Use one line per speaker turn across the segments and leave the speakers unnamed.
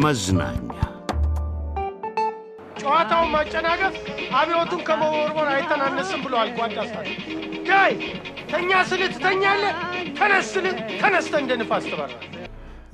መዝናኛ ጨዋታውን ማጨናገፍ አብዮቱን ከመወርወር አይተናነስም ብለዋል ጓድ አስታሪ። ዳይ ተኛ ስል ትተኛለህ፣ ተነስ ስል ተነስተ እንደ ንፋስ ትበራል።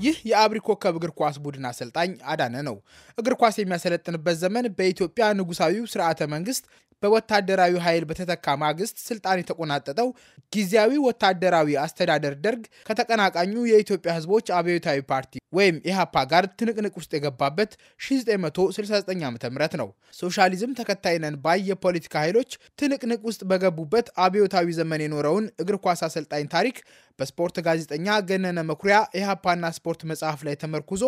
ይህ የአብሪ ኮከብ እግር ኳስ ቡድን አሰልጣኝ አዳነ ነው። እግር ኳስ የሚያሰለጥንበት ዘመን በኢትዮጵያ ንጉሳዊው ስርዓተ መንግስት በወታደራዊ ኃይል በተተካ ማግስት ስልጣን የተቆናጠጠው ጊዜያዊ ወታደራዊ አስተዳደር ደርግ ከተቀናቃኙ የኢትዮጵያ ህዝቦች አብዮታዊ ፓርቲ ወይም ኢህአፓ ጋር ትንቅንቅ ውስጥ የገባበት 1969 ዓ ም ነው። ሶሻሊዝም ተከታይነን ባይ የፖለቲካ ኃይሎች ትንቅንቅ ውስጥ በገቡበት አብዮታዊ ዘመን የኖረውን እግር ኳስ አሰልጣኝ ታሪክ በስፖርት ጋዜጠኛ ገነነ መኩሪያ ኢህአፓና ስፖርት መጽሐፍ ላይ ተመርኩዞ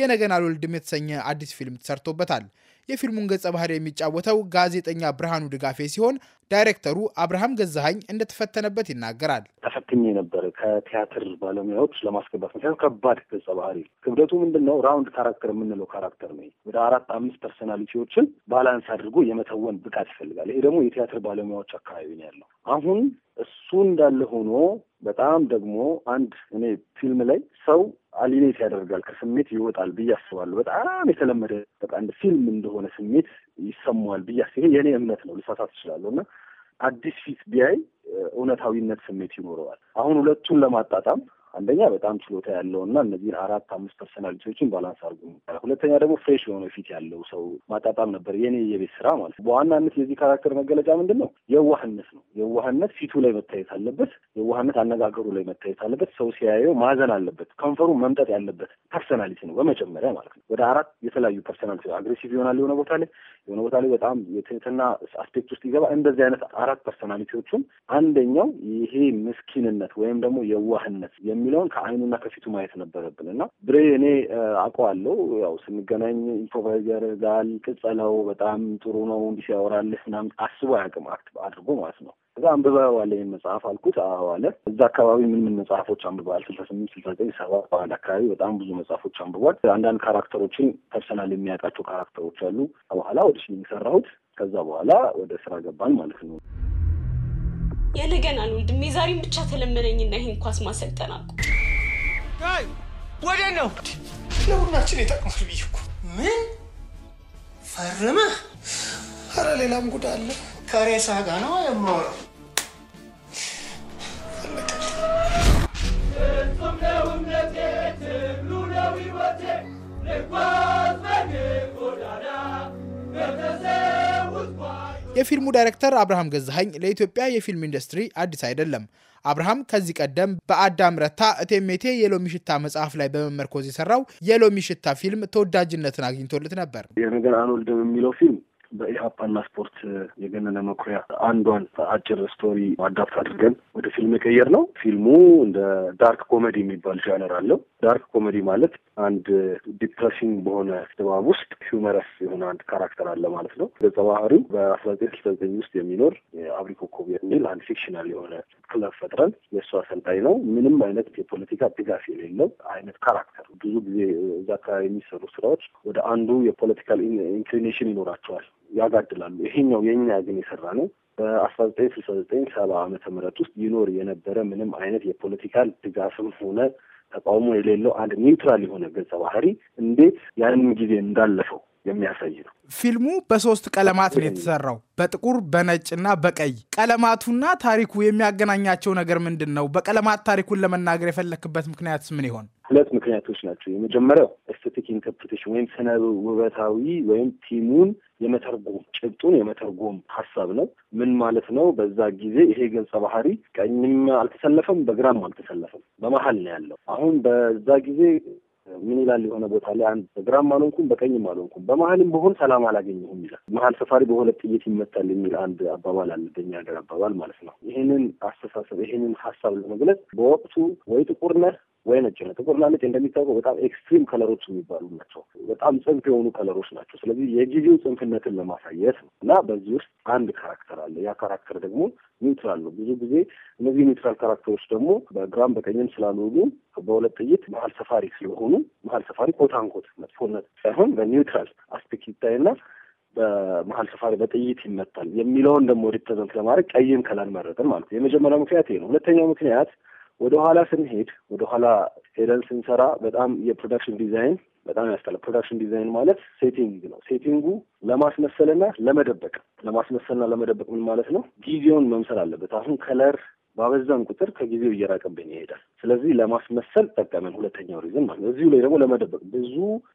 የነገን አልወልድም የተሰኘ አዲስ ፊልም ተሰርቶበታል። የፊልሙን ገጸ ባህሪ የሚጫወተው ጋዜጠኛ ብርሃኑ ድጋፌ ሲሆን ዳይሬክተሩ አብርሃም ገዛሀኝ እንደተፈተነበት ይናገራል።
ተፈትኜ ነበር ከቲያትር ባለሙያዎች ለማስገባት ምክንያቱ ከባድ ገጸ ባህሪ ክብደቱ ምንድን ነው? ራውንድ ካራክተር የምንለው ካራክተር ነው። ወደ አራት አምስት ፐርሶናሊቲዎችን ባላንስ አድርጎ የመተወን ብቃት ይፈልጋል። ይሄ ደግሞ የቲያትር ባለሙያዎች አካባቢ ነው ያለው። አሁን እሱ እንዳለ ሆኖ በጣም ደግሞ አንድ እኔ ፊልም ላይ ሰው አሊኔት ያደርጋል፣ ከስሜት ይወጣል ብዬ አስባለሁ። በጣም የተለመደ በቃ እንደ ፊልም እንደሆነ ስሜት ይሰማዋል ብዬ አስ ይሄ የእኔ እምነት ነው፣ ልሳሳት እችላለሁ እና አዲስ ፊት ቢያይ እውነታዊነት ስሜት ይኖረዋል። አሁን ሁለቱን ለማጣጣም አንደኛ በጣም ችሎታ ያለው እና እነዚህን አራት አምስት ፐርሰናሊቲዎችን ባላንስ አድርጎ ሁለተኛ ደግሞ ፍሬሽ የሆነ ፊት ያለው ሰው ማጣጣም ነበር የኔ የቤት ስራ ማለት ነው። በዋናነት የዚህ ካራክተር መገለጫ ምንድን ነው? የዋህነት ነው። የዋህነት ፊቱ ላይ መታየት አለበት። የዋህነት አነጋገሩ ላይ መታየት አለበት። ሰው ሲያየው ማዘን አለበት። ከንፈሩ መምጠጥ ያለበት ፐርሰናሊቲ ነው በመጀመሪያ ማለት ነው። ወደ አራት የተለያዩ ፐርሰናሊቲ አግሬሲቭ ይሆናል የሆነ ቦታ ላይ የሆነ ቦታ ላይ በጣም የትህትና አስፔክት ውስጥ ይገባ። እንደዚህ አይነት አራት ፐርሶናሊቲዎቹም አንደኛው ይሄ ምስኪንነት ወይም ደግሞ የዋህነት የሚለውን ከአይኑና ከፊቱ ማየት ነበረብን እና ብሬ እኔ አውቀዋለሁ። ያው ስንገናኝ ኢምፕሮቫይዝ ጋል ቅጸለው በጣም ጥሩ ነው፣ እንዲህ ሲያወራልህ ምናምን አስቦ አያውቅም አድርጎ ማለት ነው። እዛ አንብበዋል ይህን መጽሐፍ አልኩት። አዎ አለ። እዛ አካባቢ ምን ምን መጽሐፎች አንብበዋል? ስልሳ ስምንት ስልሳ ዘጠኝ ሰባ በኋላ አካባቢ በጣም ብዙ መጽሐፎች አንብቧል። አንዳንድ ካራክተሮችን ፐርሰናል የሚያውቃቸው ካራክተሮች አሉ። በኋላ ኦዲሽን የሰራሁት ከዛ በኋላ ወደ ስራ ገባን ማለት ነው።
የነገን ወንድም የዛሬን ብቻ ተለመነኝና ይህን ኳስ ማሰልጠን አልኩ።
ወደ ነው ለሁላችን የጠቅማል ብዬ እኮ ምን ፈርመህ? አረ ሌላም ጉዳ አለ ከሬሳ ጋር ነው የማወራው። የፊልሙ ዳይሬክተር አብርሃም ገዛሀኝ ለኢትዮጵያ የፊልም ኢንዱስትሪ አዲስ አይደለም። አብርሃም ከዚህ ቀደም በአዳም ረታ እቴሜቴ የሎሚ ሽታ መጽሐፍ ላይ በመመርኮዝ የሰራው የሎሚ ሽታ ፊልም ተወዳጅነትን አግኝቶለት ነበር።
ይህ ነገር አንወልድም የሚለው ፊልም በኢህአፓና ስፖርት የገነነ መኩሪያ አንዷን አጭር ስቶሪ አዳፕት አድርገን ወደ ፊልም የቀየር ነው። ፊልሙ እንደ ዳርክ ኮሜዲ የሚባል ጃነር አለው። ዳርክ ኮሜዲ ማለት አንድ ዲፕረሲንግ በሆነ ድባብ ውስጥ ሂውመረስ የሆነ አንድ ካራክተር አለ ማለት ነው። ገጸ ባህሪው በአስራ ዘጠኝ ስልሳ ዘጠኝ ውስጥ የሚኖር የአብሪ ኮከብ የሚል አንድ ፊክሽናል የሆነ ክለብ ፈጥረን የእሱ አሰልጣኝ ነው። ምንም አይነት የፖለቲካ ድጋፍ የሌለው አይነት ካራክተር። ብዙ ጊዜ እዛ አካባቢ የሚሰሩ ስራዎች ወደ አንዱ የፖለቲካል ኢንክሊኔሽን ይኖራቸዋል። ያጋድላሉ። ይሄኛው የእኛ ግን የሰራ ነው በአስራ ዘጠኝ ስልሳ ዘጠኝ ሰባ አመተ ምህረት ውስጥ ይኖር የነበረ ምንም አይነት የፖለቲካል ድጋፍም ሆነ ተቃውሞ የሌለው አንድ ኒውትራል የሆነ ገጸ ባህሪ እንዴት ያንን ጊዜ እንዳለፈው የሚያሳይ ነው።
ፊልሙ በሶስት ቀለማት ነው የተሰራው፣ በጥቁር በነጭና በቀይ። ቀለማቱና ታሪኩ የሚያገናኛቸው ነገር ምንድን ነው? በቀለማት ታሪኩን ለመናገር የፈለክበት ምክንያትስ ምን ይሆን?
ሁለት ምክንያቶች ናቸው። የመጀመሪያው ኤስቴቲክ ኢንተርፕሬቴሽን ወይም ስነ ውበታዊ ወይም ቲሙን የመተርጎም ጭብጡን የመተርጎም ሀሳብ ነው። ምን ማለት ነው? በዛ ጊዜ ይሄ ገጸ ባህሪ ቀኝም አልተሰለፈም፣ በግራም አልተሰለፈም፣ በመሀል ነው ያለው። አሁን በዛ ጊዜ ምን ይላል? የሆነ ቦታ ላይ አንድ በግራም አልሆንኩም በቀኝም አልሆንኩም በመሀልም በሆን ሰላም አላገኘሁም ይላል። መሀል ሰፋሪ በሁለት ጥይት ይመታል የሚል አንድ አባባል አለ፣ በኛ ሀገር አባባል ማለት ነው። ይህንን አስተሳሰብ ይህንን ሀሳብ ለመግለጽ በወቅቱ ወይ ጥቁር ነህ ወይ ነጭ ነው። ጥቁርና ነጭ እንደሚታወቀው በጣም ኤክስትሪም ከለሮች የሚባሉ ናቸው። በጣም ጽንፍ የሆኑ ከለሮች ናቸው። ስለዚህ የጊዜው ጽንፍነትን ለማሳየት ነው እና በዚህ ውስጥ አንድ ካራክተር አለ። ያ ካራክተር ደግሞ ኒውትራል ነው። ብዙ ጊዜ እነዚህ ኒውትራል ካራክተሮች ደግሞ በግራም በቀኝም ስላልሆኑ በሁለት ጥይት መሀል ሰፋሪ ስለሆኑ መሀል ሰፋሪ ኮታንኮት መጥፎነት ሳይሆን በኒውትራል አስፔክት ይታይና በመሀል ሰፋሪ በጥይት ይመታል የሚለውን ደግሞ ሪፕሬዘንት ለማድረግ ቀይም ከላን መረጠን ማለት ነው። የመጀመሪያው ምክንያት ይሄ ነው። ሁለተኛው ምክንያት ወደ ኋላ ስንሄድ ወደ ኋላ ሄደን ስንሰራ በጣም የፕሮዳክሽን ዲዛይን በጣም ያስጠላል። ፕሮዳክሽን ዲዛይን ማለት ሴቲንግ ነው። ሴቲንጉ ለማስመሰልና ለመደበቅ ለማስመሰልና ለመደበቅ ምን ማለት ነው? ጊዜውን መምሰል አለበት። አሁን ከለር ባበዛን ቁጥር ከጊዜው እየራቀብን ይሄዳል። ስለዚህ ለማስመሰል ጠቀመን፣ ሁለተኛው ሪዝን ማለት ነው። እዚሁ ላይ ደግሞ ለመደበቅ ብዙ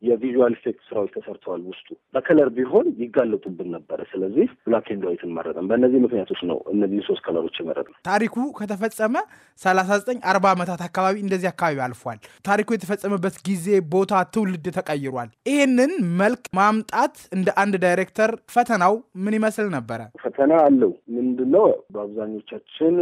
የቪዥዋል ኢፌክት ስራዎች ተሰርተዋል። ውስጡ በከለር ቢሆን ይጋለጡብን ነበረ። ስለዚህ ብላክ ኤንድ ዋይትን መረጥን። በእነዚህ ምክንያቶች ነው እነዚህ ሶስት ከለሮች ነው።
ታሪኩ ከተፈጸመ ሰላሳ ዘጠኝ አርባ ዓመታት አካባቢ እንደዚህ አካባቢ አልፏል። ታሪኩ የተፈጸመበት ጊዜ፣ ቦታ፣ ትውልድ ተቀይሯል። ይህንን መልክ ማምጣት እንደ አንድ ዳይሬክተር ፈተናው ምን ይመስል ነበረ?
ፈተና አለው። ምንድነው በአብዛኞቻችን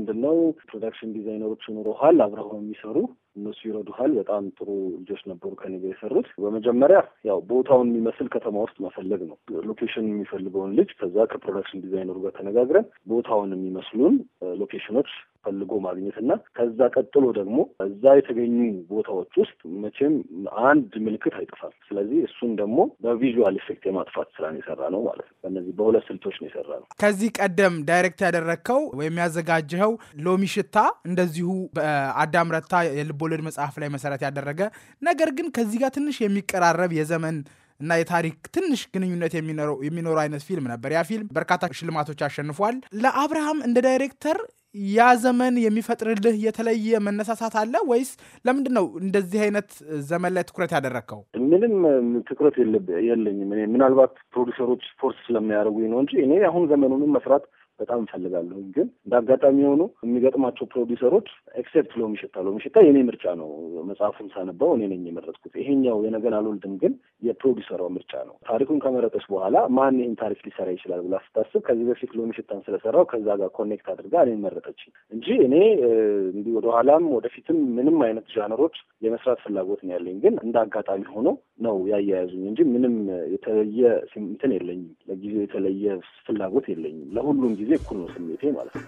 ምንድን ነው ፕሮዳክሽን ዲዛይነሮች ይኖሩሃል፣ አብረው የሚሰሩ እነሱ ይረዱሃል። በጣም ጥሩ ልጆች ነበሩ ከኔ ጋር የሰሩት። በመጀመሪያ ያው ቦታውን የሚመስል ከተማ ውስጥ መፈለግ ነው፣ ሎኬሽን የሚፈልገውን ልጅ። ከዛ ከፕሮዳክሽን ዲዛይነሩ ጋር ተነጋግረን ቦታውን የሚመስሉን ሎኬሽኖች ፈልጎ ማግኘት እና ከዛ ቀጥሎ ደግሞ እዛ የተገኙ ቦታዎች ውስጥ መቼም አንድ ምልክት አይጠፋም። ስለዚህ እሱን ደግሞ በቪዥዋል ኢፌክት የማጥፋት ስራ ነው የሰራ ነው ማለት ነው። በእነዚህ በሁለት ስልቶች ነው የሰራ ነው።
ከዚህ ቀደም ዳይሬክት ያደረግከው ወይም ያዘጋጀኸው ሎሚ ሽታ እንደዚሁ በአዳም ረታ የልቦለድ መጽሐፍ ላይ መሰረት ያደረገ ነገር ግን ከዚህ ጋር ትንሽ የሚቀራረብ የዘመን እና የታሪክ ትንሽ ግንኙነት የሚኖረው አይነት ፊልም ነበር። ያ ፊልም በርካታ ሽልማቶች አሸንፏል። ለአብርሃም እንደ ዳይሬክተር ያ ዘመን የሚፈጥርልህ የተለየ መነሳሳት አለ ወይስ ለምንድን ነው እንደዚህ አይነት ዘመን ላይ ትኩረት ያደረግከው?
ምንም ትኩረት የለኝም እኔ ምናልባት ፕሮዲሰሮች ስፖርት ስለሚያደርጉኝ ነው እንጂ እኔ አሁን ዘመኑንም መስራት በጣም እፈልጋለሁኝ። ግን እንደ አጋጣሚ የሆኑ የሚገጥማቸው ፕሮዲሰሮች ኤክሴፕት ሎሚ ሽታ፣ ሎሚ ሽታ የእኔ ምርጫ ነው። መጽሐፉን ሳነበው እኔ ነኝ የመረጥኩት። ይሄኛው የነገን አልወልድም ግን የፕሮዲሰሯ ምርጫ ነው። ታሪኩን ከመረጠች በኋላ ማን ይህን ታሪክ ሊሰራ ይችላል ብላ ስታስብ ከዚህ በፊት ሎሚ ሽታን ስለሰራው ከዛ ጋር ኮኔክት አድርጋ እኔን መረጠች እንጂ እኔ እንዲህ ወደኋላም ወደፊትም ምንም አይነት ዣነሮች የመስራት ፍላጎት ነው ያለኝ። ግን እንደ አጋጣሚ ሆኖ ነው ያያያዙኝ እንጂ ምንም የተለየ እንትን የለኝም። ለጊዜው የተለየ ፍላጎት የለኝም። ለሁሉም ጊዜ ጊዜ እኩል ነው ስሜቴ ማለት ነው።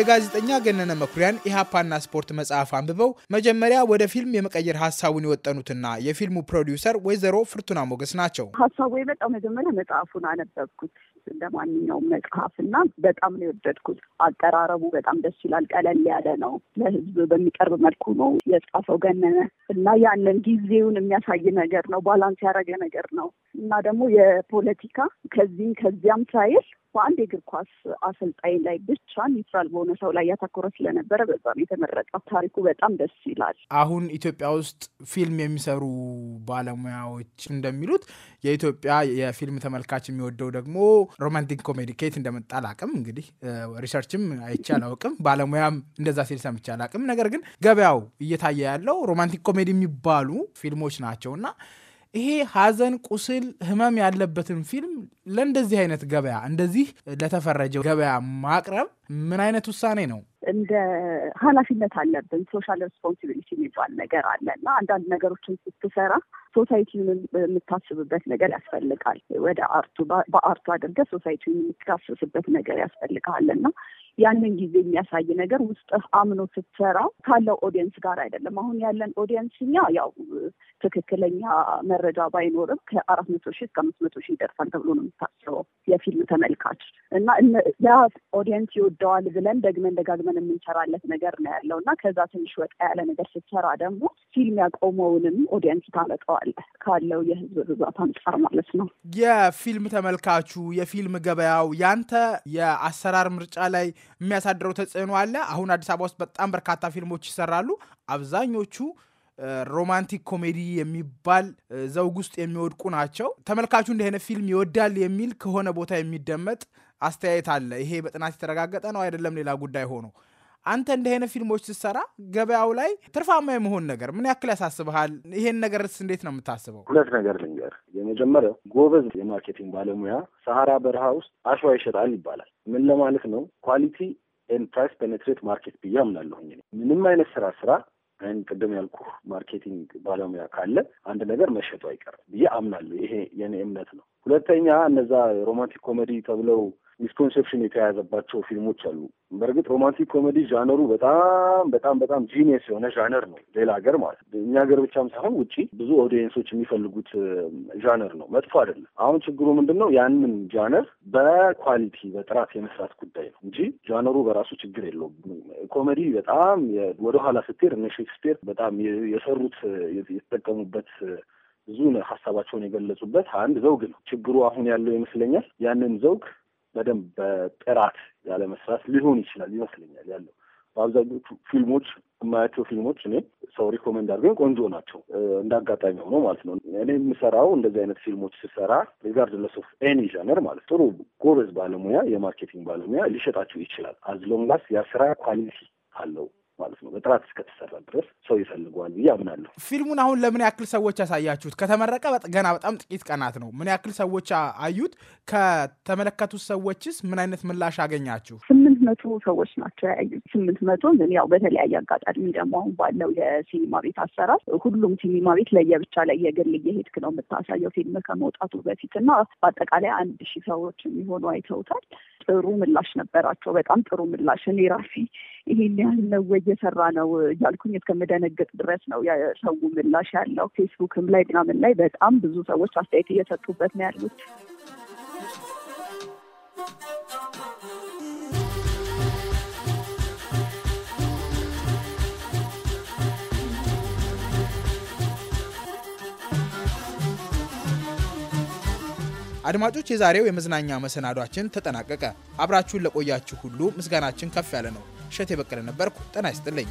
የጋዜጠኛ ገነነ መኩሪያን ኢህአፓና ስፖርት መጽሐፍ አንብበው መጀመሪያ ወደ ፊልም የመቀየር ሀሳቡን የወጠኑትና የፊልሙ ፕሮዲውሰር ወይዘሮ ፍርቱና ሞገስ ናቸው።
ሀሳቡ የመጣው መጀመሪያ መጽሐፉን አነበብኩት እንደ ማንኛውም መጽሐፍ እና በጣም ነው የወደድኩት። አቀራረቡ በጣም ደስ ይላል። ቀለል ያለ ነው። ለህዝብ በሚቀርብ መልኩ ነው የጻፈው ገነነ እና ያንን ጊዜውን የሚያሳይ ነገር ነው። ባላንስ ያደረገ ነገር ነው እና ደግሞ የፖለቲካ ከዚህም ከዚያም ሳይል በአንድ የእግር ኳስ አሰልጣኝ ላይ ብቻ ኒውትራል በሆነ ሰው ላይ ያተኮረ ስለነበረ በዛም የተመረጠው ታሪኩ በጣም ደስ ይላል።
አሁን ኢትዮጵያ ውስጥ ፊልም የሚሰሩ ባለሙያዎች እንደሚሉት የኢትዮጵያ የፊልም ተመልካች የሚወደው ደግሞ ሮማንቲክ ኮሜዲ ኬት እንደመጣ አላቅም። እንግዲህ ሪሰርችም አይቼ አላውቅም፣ ባለሙያም እንደዛ ሲል ሰምቼ አላቅም። ነገር ግን ገበያው እየታየ ያለው ሮማንቲክ ኮሜዲ የሚባሉ ፊልሞች ናቸው እና ይሄ ሀዘን ቁስል፣ ህመም ያለበትን ፊልም ለእንደዚህ አይነት ገበያ እንደዚህ ለተፈረጀው ገበያ ማቅረብ ምን አይነት ውሳኔ ነው?
እንደ ኃላፊነት አለብን። ሶሻል ሬስፖንሲቢሊቲ የሚባል ነገር አለ እና አንዳንድ ነገሮችን ስትሰራ ሶሳይቲውን የምታስብበት ነገር ያስፈልጋል። ወደ አርቱ በአርቱ አድርገ ሶሳይቲውን የምታስብበት ነገር ያስፈልጋል እና ያንን ጊዜ የሚያሳይ ነገር ውስጥህ አምኖ ስትሰራ ካለው ኦዲየንስ ጋር አይደለም። አሁን ያለን ኦዲየንስ እኛ ያው ትክክለኛ መረጃ ባይኖርም ከአራት መቶ ሺህ እስከ አምስት መቶ ሺህ ይደርሳል ተብሎ ነው የምታስበው የፊልም ተመልካች እና ያ ኦዲየንስ ይወደዋል ብለን ደግመን ደጋግመን ደጋግመን የምንሰራለት ነገር ነው ያለው እና ከዛ ትንሽ ወጣ ያለ ነገር ስትሰራ ደግሞ ፊልም ያቆመውንም ኦዲየንስ ታመጣዋለህ ካለው የህዝብ ብዛት አንጻር ማለት ነው።
የፊልም ተመልካቹ፣ የፊልም ገበያው ያንተ የአሰራር ምርጫ ላይ የሚያሳድረው ተጽዕኖ አለ? አሁን አዲስ አበባ ውስጥ በጣም በርካታ ፊልሞች ይሰራሉ። አብዛኞቹ ሮማንቲክ ኮሜዲ የሚባል ዘውግ ውስጥ የሚወድቁ ናቸው። ተመልካቹ እንዲህ አይነት ፊልም ይወዳል የሚል ከሆነ ቦታ የሚደመጥ አስተያየት አለ። ይሄ በጥናት የተረጋገጠ ነው አይደለም ሌላ ጉዳይ ሆኖ አንተ እንዲህ አይነት ፊልሞች ስትሰራ ገበያው ላይ ትርፋማ የመሆን ነገር ምን ያክል ያሳስብሃል? ይሄን ነገርስ እንዴት ነው የምታስበው?
ሁለት ነገር ልንገር። የመጀመሪያው ጎበዝ የማርኬቲንግ ባለሙያ
ሰሐራ በረሃ
ውስጥ አሸዋ ይሸጣል ይባላል። ምን ለማለት ነው? ኳሊቲ ኤንድ ፕራይስ ፔኔትሬት ማርኬት ብዬ አምናለሁኝ። ምንም አይነት ስራ ስራ ቅድም ያልኩ ማርኬቲንግ ባለሙያ ካለ አንድ ነገር መሸጡ አይቀርም ብዬ አምናለሁ። ይሄ የኔ እምነት ነው። ሁለተኛ እነዛ ሮማንቲክ ኮሜዲ ተብለው ሚስኮንሴፕሽን የተያያዘባቸው ፊልሞች አሉ። በእርግጥ ሮማንቲክ ኮሜዲ ዣነሩ በጣም በጣም በጣም ጂኒየስ የሆነ ዣነር ነው። ሌላ ሀገር ማለት እኛ ሀገር ብቻም ሳይሆን ውጭ ብዙ ኦዲየንሶች የሚፈልጉት ዣነር ነው። መጥፎ አይደለም። አሁን ችግሩ ምንድን ነው? ያንን ጃነር በኳሊቲ በጥራት የመስራት ጉዳይ ነው እንጂ ጃነሩ በራሱ ችግር የለውም። ኮሜዲ በጣም ወደኋላ ስትሄድ እነ ሼክስፒር በጣም የሰሩት የተጠቀሙበት ብዙ ሀሳባቸውን የገለጹበት አንድ ዘውግ ነው። ችግሩ አሁን ያለው ይመስለኛል ያንን ዘውግ በደንብ በጥራት ያለመስራት ሊሆን ይችላል ይመስለኛል ያለው። በአብዛኞቹ ፊልሞች የማያቸው ፊልሞች እኔ ሰው ሪኮመንድ አድርገን ቆንጆ ናቸው እንደ አጋጣሚ ሆኖ ማለት ነው። እኔ የምሰራው እንደዚህ አይነት ፊልሞች ስሰራ ሪጋርድለስ ኦፍ ኤኒ ዣነር ማለት ጥሩ ጎበዝ ባለሙያ የማርኬቲንግ ባለሙያ ሊሸጣቸው ይችላል አዝ የስራ ኳሊቲ አለው ማለት ነው። በጥራት እስከተሰራ ድረስ ሰው ይፈልገዋል ብዬ አምናለሁ።
ፊልሙን አሁን ለምን ያክል ሰዎች ያሳያችሁት? ከተመረቀ ገና በጣም ጥቂት ቀናት ነው። ምን ያክል ሰዎች አዩት? ከተመለከቱት ሰዎችስ ምን አይነት ምላሽ አገኛችሁ?
መቶ ሰዎች ናቸው ያዩት። ስምንት መቶ ግን ያው በተለያየ አጋጣሚ ደግሞ አሁን ባለው የሲኒማ ቤት አሰራር ሁሉም ሲኒማ ቤት ለየብቻ ላይ የግል እየሄድክ ነው የምታሳየው ፊልም ከመውጣቱ በፊት እና በአጠቃላይ አንድ ሺህ ሰዎች የሚሆኑ አይተውታል። ጥሩ ምላሽ ነበራቸው። በጣም ጥሩ ምላሽ። እኔ ራሴ ይሄን ያህል ነው እየሰራ ነው እያልኩኝ እስከምደነግጥ ድረስ ነው የሰው ምላሽ ያለው። ፌስቡክም ላይ ምናምን ላይ በጣም ብዙ ሰዎች አስተያየት እየሰጡበት ነው ያሉት።
አድማጮች፣ የዛሬው የመዝናኛ መሰናዷችን ተጠናቀቀ። አብራችሁን ለቆያችሁ ሁሉ ምስጋናችን ከፍ ያለ ነው። እሸቴ በቀለ ነበርኩ። ጤና ይስጥልኝ።